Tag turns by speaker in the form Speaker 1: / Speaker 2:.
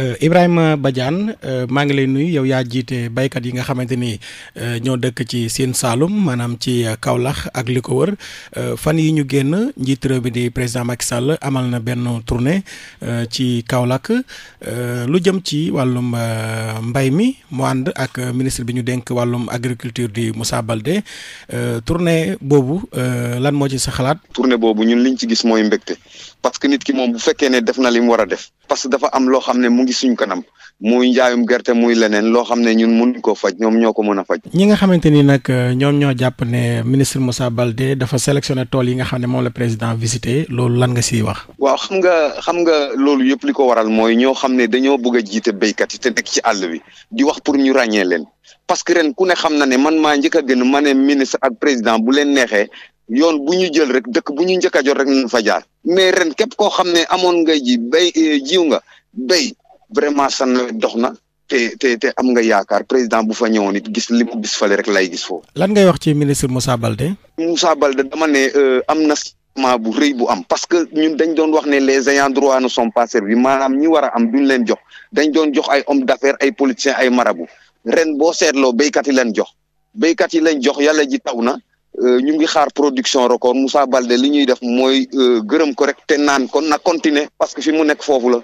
Speaker 1: Euh, Ibrahima Badiane euh, maa ngi lay nuyu yow yaa jiite baykat yi nga xamante ni euh, ñoo dëkk ci Sine Saalum maanaam ci kawlax ak li ko wër fan yi ñu génn njiit bi di président Macky Sall amal na benn tournée ci Kaolack lu jëm ci wàllum mbay mi mu ànd ak ministre bi ñu denk wàllum agriculture di Moussa Baldé tournée boobu lan moo ci sa xalaat.
Speaker 2: tournée boobu ñun liñ ci gis mooy mbégte parce que nit ki moom bu fekkee ne def na li mu war a def parce que dafa am loo ngi suñ kanam muy njaayum gerte muy leneen loo xam ne ñun mënuñ koo faj ñoom ñoo ko mën a faj.
Speaker 1: ñi nga xamante ni nag euh, ñoom ñoo jàpp ne ministre Moussa Baldé dafa sélectionné tool yi nga xam ne moom la président visité loolu lan nga siy wax.
Speaker 2: waaw xam nga xam nga loolu yëpp li ko waral mooy ñoo xam ne dañoo bëgg a jiite béykat yi te nekk ci àll bi di wax pour ñu ràññee leen parce que ren ku ne xam na ne man maa njëkk a gën ma ne ministre ak président bu leen neexee. yoon bu ñu jël rek dëkk bu ñu njëkk a jot rek nañ koo xam ne amoon nga ji bay euh, jiw nga vraiment sa nawet dox na te te te am nga yaakaar président bu fa ñëwoon it gis li mu gis fale rek lay gis foofu.
Speaker 1: lan ngay wax ci ministre Moussa Baldé.
Speaker 2: Moussa Baldé dama ne euh, am na ma bu rëy bu am parce que ñun dañ doon wax ne les ayants droit ne sont pas maanaam ñi war a am duñ leen jox dañ doon jox ay homme d'affaires ay politiciens ay marabu ren boo seetloo béykat yi leen jox béykat yi leen jox yàlla ji taw na euh, ñu ngi xaar production record Moussa Baldé li ñuy def mooy euh, gërëm ko rek te naan kon na continuer parce que fi mu nekk foofu la